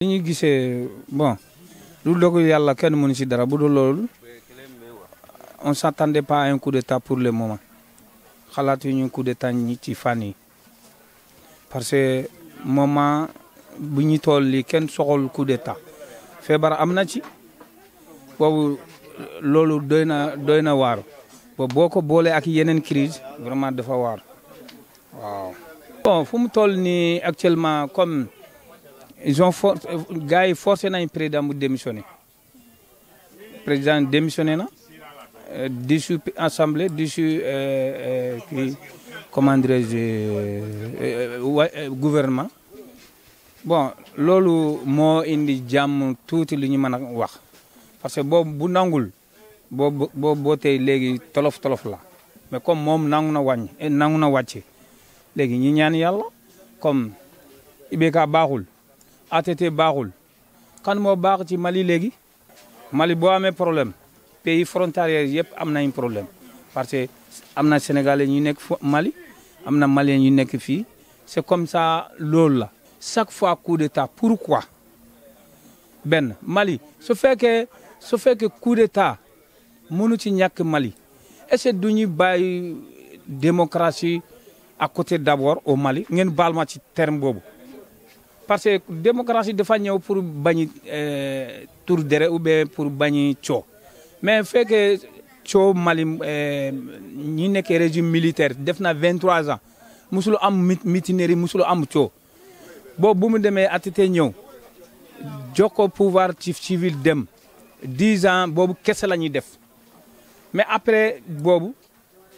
li ñu gisee bon lu dogal yàlla kenn mënu ci dara bu dul loolu on s'attendait pas à coup d'état pour le moment xalaatu ñu coup d'état ñi ci fan yi parce que moment bu ñu tool li kenn soxol coup d'état feebar am na ci boobu loolu doy na doy na waaru boo ko boolee ak yeneen crise vraiment dafa waaru waaw. bon fu mu toll nii actuellement comme ils ont for gars yi forcé nañ président mu démissionné président démissionné na euh, déchu assemblée déchu euh, euh, kii comment dirais-je wa gouvernement. bon loolu moo indi jàmm tuuti li ñu mën a wax parce que boobu bu nangul boo boo boo tey léegi tolof tolof la mais comme moom nangu na wàññi eh, nangu na wàcce. léegi ñi ñaan yàlla comme IBK baaxul ATT baaxul kan moo baax ci Mali léegi Mali boo amee problème pays frontaliers yëpp am nañ problème parce que am na sénégalais ñu nekk Mali am na maliens ñu nekk fii c'est comme ça loolu la chaque fois coup d'état pourquoi benn Mali su fekkee su fekkee coup d'état mënu ci ñàkk Mali est-ce que du ñu bàyyi démocratie à côté d'abord au Mali ngeen baal ci terme boobu parce que démocratie dafa ñëw pour bañi euh, tur dere ou bien pour bañi coo mais fekkee coow Mali euh, ñi nekk régime militaire def na 23 ans musul am mutinerie musul am coow boobu bu mu demee ATT ñëw jox ko pouvoir ci civil dem 10 ans boobu kese la ñuy def mais après boobu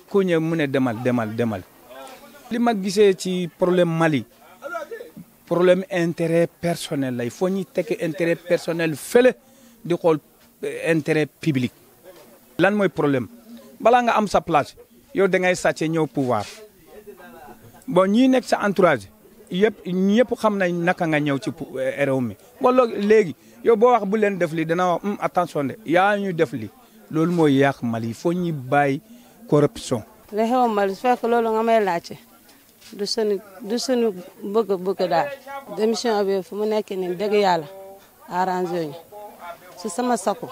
ku ñëw mu demal demal demal. li ma gisee ci problème Mali problème intérêt personnel la il faut ñu tekki intérêt personnel fele di xool eh, intérêt public. lan mooy problème balaa nga am sa place yow da ngay sàcce ñëw pouvoir bon ñii nekk sa entourage yëpp ñëpp xam nañ naka nga ñëw ci eh, réew mi bon léegi yow boo wax bu leen def lii dana wax hmm, attention de yaa ñu def lii loolu mooy yàq Mali il faut ñu bàyyi corruption. li xew Mali su fekk loolu nga may laajte. du sunu du sunu bëgg-bëgg daal démission bi fu mu nekk ni dëgg yàlla arrangé ñu si sama sakku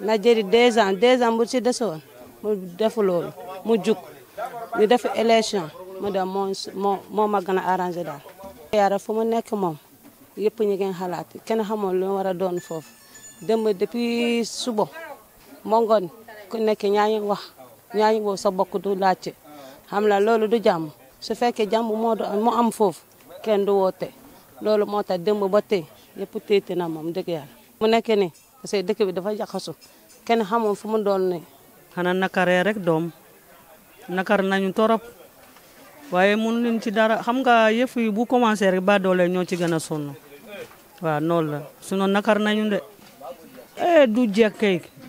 na jëri deux ans deux ans bu desoon mu defu loolu mu jug ñu def élection mu dem moo moo moo ma a arrangé daal. yàlla fu mu nekk moom yëpp ñu ngi xalaat kenn xamul lu war a doon foofu démb depuis suba moo ngoon ku nekk ñaa ngi wax ñaa ngi woo sa bokk du laajte xam la loolu du jàmm. su fekkee jàmm moo moo am foofu kenn du woote loolu moo tax démb ba tey yëpp téete na moom dëgg yàlla. mu nekkee nii parce que dëkk bi dafa jaxasu kenn xamoon fu mu doon ne xanaa nakaree rek doom nakar nañu torop waaye mun leen ci dara xam nga yëf bu commencé rek ba doole ñoo ci gën a sonn waaw noonu la sinon nakar nañu de eh du jekk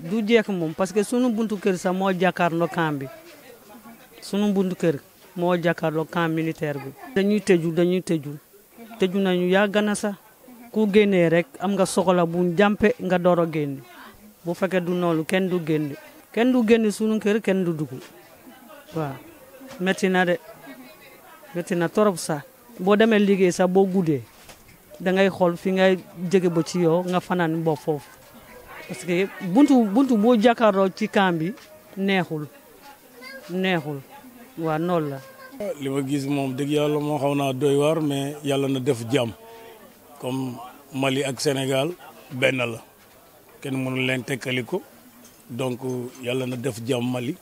du jekk moom parce que sunu buntu kër sax moo jàkkaarloo camp bi sunu buntu kër. moo jàkkaarloo camp militaire bi. dañuy tëju dañuy tëju tëju nañu yàgg na sax ku génnee rek am nga soxola bu jàmpe nga door a génn bu fekkee du noonu kenn du génn kenn du génn sunu kër kenn du dugg waaw métti na de métti na torop sax boo demee liggéey sax boo guddee da ngay xool fi ngay jege ba ci yow nga fanaan bo foofu parce que buntu buntu boo jàkkaarloo ci camp bi neexul neexul. waaw noonu la. li ma gis moom dëgg yàlla moo xaw naa doy waar mais yàlla na def jàmm comme Mali ak Sénégal benn la kenn mënu leen tekkaliku donc yàlla na def jàmm Mali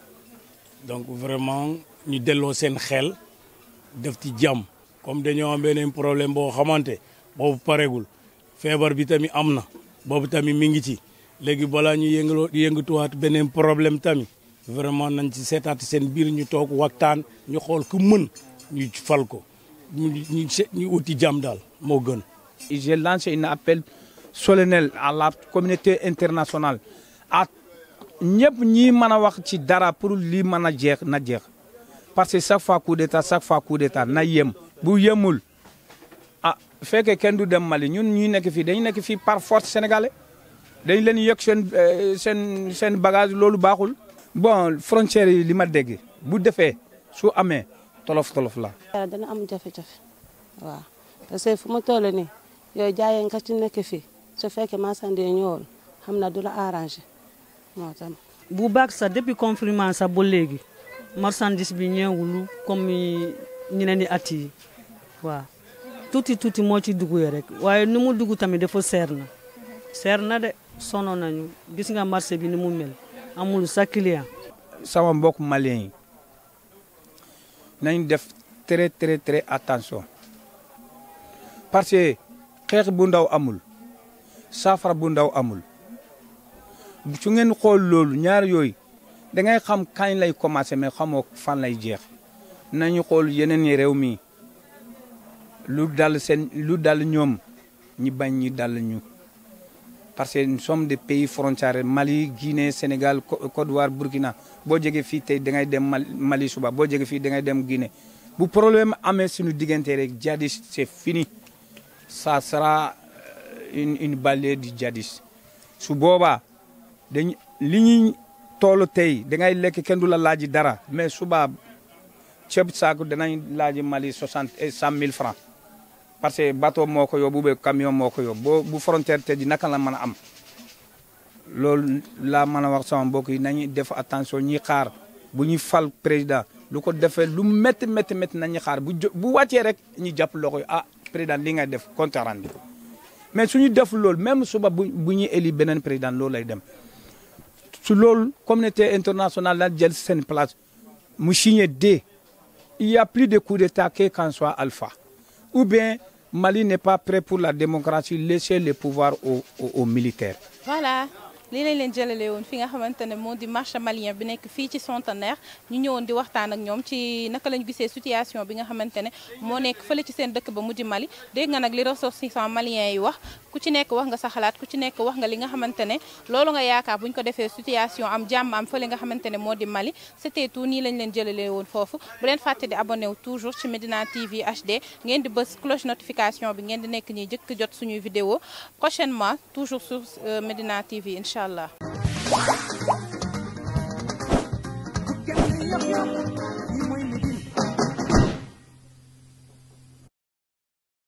donc vraiment ñu delloo seen xel def ci jàmm comme dañoo am beneen problème boo xamante boobu pareegul feebar bi tamit am na boobu tamit mi ngi ci léegi balaa ñu yëngaloo yëngatuwaat beneen problème tamit vraiment nañ ci seetaat seen biir ñu toog waxtaan ñu xool ku mën ñu fal ko ñu ñu ñu uti daal moo gën. j'ai lancé un appel solennel à la communauté internationale à ñëpp ñi mën a wax ci dara pour lii mën a jeex na jeex parce que chaque fois coup d'état chaque fois coup d'état na yem bu yemul ah fekkee kenn du dem Mali ñun ñuy nekk fii dañu nekk fii par force sénégalais dañ leen yëg seen euh, seen seen bagage loolu baaxul. bon frontière yi li ma dégg bu defee su amee tolof tolof la. waaw ah, dana am jafe-jafe waaw parce que fu mu toll ni yooyu jaayeen ka ci nekk fii su fekkee marchandise yi xam na du la arrangé moo bu baax sax depuis confinement sax ba léegi marchandise bi ñëwul comme ñeneen i at yi waaw tuuti tuuti moo ci duggee rek waaye nu mu dugg tamit dafa seer na seer na de sono nañu gis nga marché bi ni mu mel. amul sa client. sama mbokk malien yi nañ def très très très attention parce que xeex bu ndaw amul saafara bu ndaw amul su ngeen xool loolu ñaar yooyu da ngay xam kañ lay commencé mais xamoo fan lay jeex nañu xool yeneen yi réew mi lu dal seen lu dal ñoom ñi bañ ñi dal ñu. parce que somme sommes des pays frontières Mali Guinée Sénégal Côte d'Ivoire Burkina boo jege fi tey da ngay dem Mali suba boo jege fii da ngay dem Guinée bu problème amee suñu diggante rek djihadiste c'est fini ça sera euh, une une balle du su boobaa dañ li ñuy toolu tey da ngay lekk kenn du la laaj dara mais suba ceeb saako danañ laaj Mali soixante et cent mille francs parce que bato moo ko yóbbu ba camion moo ko yóbbu boo bu frontière te di naka la mën a am loolu laa mën a wax sama mbokk yi nañu def attention ñuy xaar bu ñuy fal président lu ko defe lu métti métti métti nañu xaar bu bu wàccee rek ñu jàpp loxo yi ah président li nga def compte rendu mais suñu def loolu même suba bu bu ñuy éli beneen président loolu lay dem su loolu communauté internationale la jël seen place mu signé dee il y a plus de coup d'état que qu'en soit alpha ou bien Mali n'est pas prêt pour la démocratie, laissez le pouvoir aux, aux, aux militaires. Voilà. lii lañ leen jëlalee woon fi nga xamante ne moo di marché malien bi nekk fii ci Centenaire ñu ñëwoon di waxtaan ak ñoom ci naka lañu gisee situation bi nga xamante ne moo nekk fële ci seen dëkk ba mu di Mali dégg nga nag li ressortissants maliens yi wax ku ci nekk wax nga sa xalaat ku ci nekk wax nga li nga xamante ne loolu nga yaakaar bu ñu ko defee situation am jàmm am fële nga xamante moo di Mali c'était tout ni lañ leen jëlalee woon foofu bu leen fàtte di abonné wu toujours ci Medina TV HD ngeen di bës cloche notification bi ngeen di nekk ñuy jëkk jot suñuy vidéo prochainement toujours sur euh, Medina TV incha incha allah.